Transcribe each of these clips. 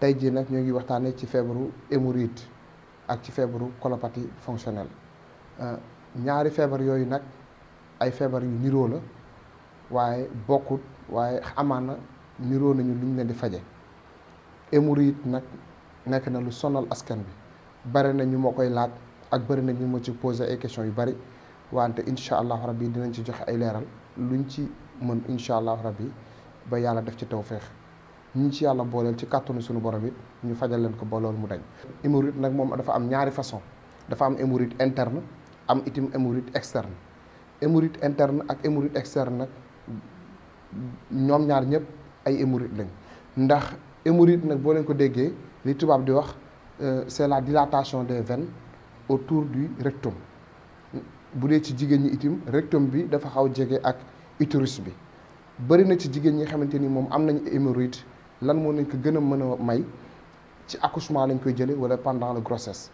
tey jii nag ñoo ngi waxtaanee ci feebaru hémorroïde ak ci feebaru colopathie fonctionnelle euh, ñaari feebar yooyu nag ay feebar yu niroo la waaye bokkut waaye amaana niroo nañu lu ñu leen di faje hémorroïde nag nekk na lu sonal askan bi bari na ñu ma koy laaj ak bari na ñu ma ci posé ay questions yu bari wante incha allahu rabbi dinañ ci joxe ay leeral luñ ci mën incha allahu rabbi ba yàlla def ci tawféex ñu ci yàlla booleel ci kàttanu suñu borom it ñu fajal leen ko ba mu dañ. hémorroïde nag moom dafa am ñaari façon dafa am hémorroïde interne am itim hémorroïde externe hémorroïde interne ak hémorroïde externe nag ñoom ñaar ñëpp ay hémorroïde lañ ndax hémorroïde nag boo leen ko déggee li tubaab di wax euh, c'est la dilatation des veines autour du rectum bu dee ci jigéen ñi itim rectum bi dafa xaw jege ak utérus bi bëri na ci jigéen ñi xamante ni moom am nañu hémorroïde lan moo nañ ko gën a mën a may ci accouchement lañ koy jëlee wala pendant la grossesse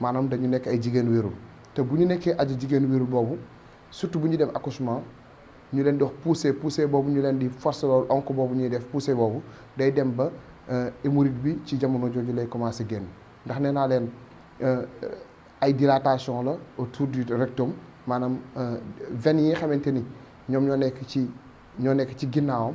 maanaam dañu nekk ay jigéen wérul te bu ñu nekkee aji jigéen wérul boobu surtout bu ñu dem accouchement ñu leen di wax poussé poussé boobu ñu leen di force loolu onk boobu ñuy def poussé boobu day dem ba euh, hémorroïde bi ci jamono jooju lay commencé génn ndax nee naa leen euh, ay dilatation la autour du rectum maanaam euh, veines yi nga xamante ni ñoom ñoo nekk ci ñoo nekk ci ginnaawam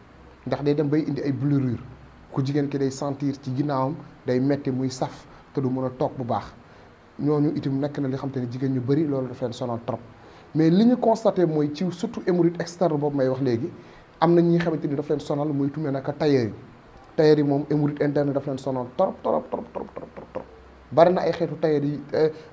ndax day dem bay indi ay brûlure ku jigéen ki day sentir ci ginnaawam day metti muy saf te du mën a toog bu baax ñoo ñu itam nekk na li xam te ne jigéen ñu bëri loolu daf leen sonal trop mais li ñu constaté mooy ci surtout hémorroïde externe boobu may wax léegi am na ñi xamante ni daf leen sonal muy tumee naka tailleur yi tailleur yi moom hémorroïde interne daf leen sonal trop trop trop trop trop trop bari na ay xeetu tailleur yi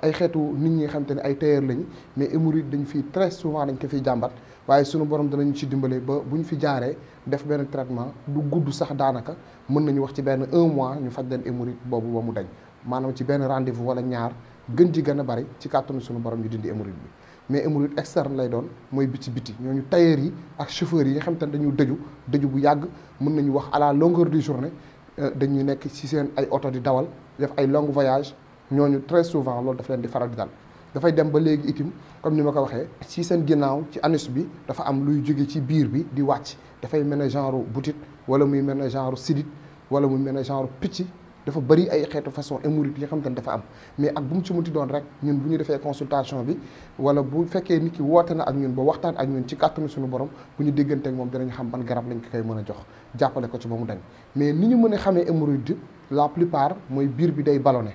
ay xeetu nit ñi xamante ne ay tailleur lañu mais hémorroïde dañ fii très souvent dañ ko fiy jàmbat waaye sunu borom danañu ci dimbale ba bu ñu fi jaaree def benn traitement du gudd sax daanaka mën nañu wax ci benn un mois ñu faj leen hémorroïde boobu ba mu dañ maanaam ci benn rendez-vous wala ñaar gën ji gën a bari ci kàttanu sunu borom ñu dindi hémorroïde bi mais hémorroïde externe lay doon mooy bi ci biti ñooñu tailleur yi ak chauffeur yi nga xam ne dañu dëju dëju bu yàgg mën nañu wax à la longueur du journée euh, dañuy nekk ci seen ay oto di dawal def ay long voyage ñooñu très souvent loolu daf di faral di dal da fay dem ba léegi itim comme ni mako ko ci sen ginnaw ci anus bi dafa am luy jóge ci biir bi di wacc da fay ne genre butit wala muy mel genre sidit wala muy mel ne genre picc dafa bari ay xeetu façon hémorroïde li xam te ne dafa am mais ak bu mu ci muti don rek ñun bu ñu defee consultation bi wala bu féké nit ki woote na ak ñun ba waxtaan ak ñun ci kàttanu suñu borom bu ñu déggante ak mom dinañ xam ban garab lañ ko koy mëna jox jappalé ko ci ba dañ mais ni ñu mën xamé xamee hémorroïde la plupart moy biir bi day ballonné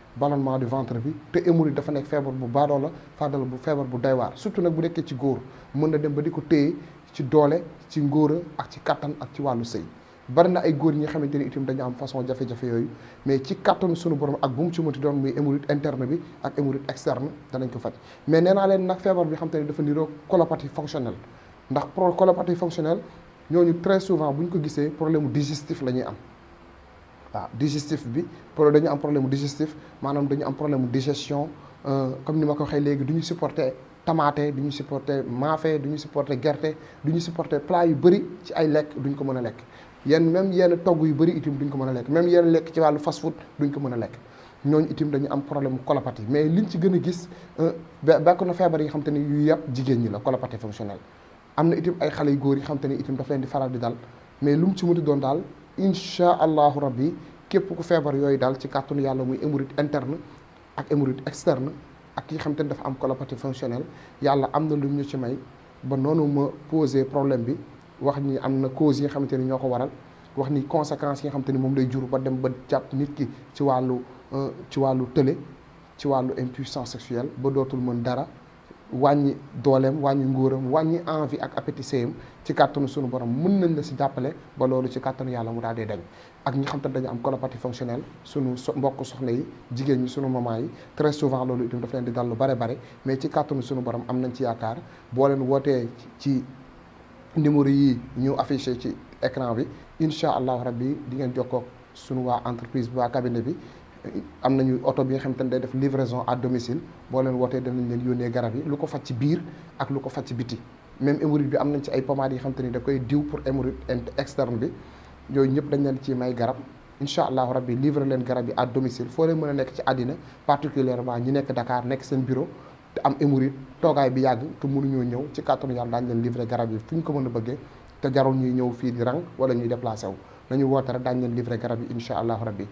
ballonnement de ventre bi te hémorroïde dafa nekk feebar bu baadoo la fàddal bu feebar bu doy waar surtout nag bu nekkee ci góor mën na dem ba di ko téye ci doole ci ngóora ak ci kattan ak ci wàllu sëy bari na ay góor yi nga xamante ni itam dañu am façon jafe-jafe yooyu mais ci kattanu sunu borom ak bu mu ci mënti doon muy hémorroïde interne bi ak hémorroïde externe danañ ko faj mais nee naa leen nag feebar bi xam te ne dafa niroo colopathie fonctionnelle ndax pro colopathie fonctionnelle ñooñu très souvent bu ko gisee problème digestif la ñuy am digestif bi problème dañu am problème digestif manam dañu am problème digestion euh, comme ni ma ko légui duñu supporter tamaté duñu supporter mafé duñu supporter gerte duñu supporter plat yu bëri ci ay lekk duñ ko mëna a lekk yenn même yenn togg yu bëri itim duñ ko mëna a lekk même yenn lekk ci walu fast food duñ ko mëna a lekk ñooñu itam dañu am problème colopathie mais liñ ci gëna gis euh, bokk na feebar yi xam te ne yu yàpp jigéen ñi la colopathie fonctionnelle amna itim ay xalé yu góor yi xam te ne itam daf leen di faral di dal mais lu mu ci mënti doon dal incha allahu rabbi képp ku feebar yooyu daal ci kàttanu yàlla muy hémorroïde interne ak hémorroïde externe ak ki xam te ne dafa am colopathie fonctionnelle yàlla am na lu ñu ci may ba noonu ma posé problème bi wax ni am na causes yi nga xamante ni ñoo ko waral wax ni conséquence yi nga xamante ni moom lay jur ba dem ba jàpp nit ki ci wàllu euh, ci wàllu tële ci wàllu impuissance sexuelle ba dootul mën dara wàññi dooleem wàññi nguuram wàññi envie ak appétit ci kàttanu sunu borom mën nañ la si jàppale ba loolu ci kàttanu yàlla mu daal di dañ ak ñi xam te dañu am colopathie fonctionnelle sunu so mbokk soxna yi jigéen ñi sunu moment yi très souvent loolu itam daf leen di dal lu bare bare mais ci kàttanu sunu borom am nañ ci yaakaar boo leen wootee ci numéro yi ñëw affiché ci ecran bi incha allahu rabbi di ngeen jokkoo sunu waa entreprise bi waa cabinet bi am nañu oto bi nga xam te day def livraison à domicile boo leen wootee danañ leen yónnee garab yi lu ko faj ci biir ak lu ko faj ci biti même hémorroïde bi am nañ ci ay pommades yi xam te ni da koy diw pour hémorroïde externe bi yooyu ñëpp dañ leen ci may garab incha allahu rabbi livrer leen garab yi à domicile foo leen mën a nekk ci àddina particulièrement ñi nekk Dakar nekk seen bureau te am hémorroïde toogaay bi yàgg te mënuñoo ñëw ci kàttanu yàlla daañu leen livrer garab yi fu ñu ko mën a bëggee te jarul ñuy ñëw fii di rang wala ñuy déplacé wu nañu woote rek daañu leen livrer garab yi incha allahu rabbi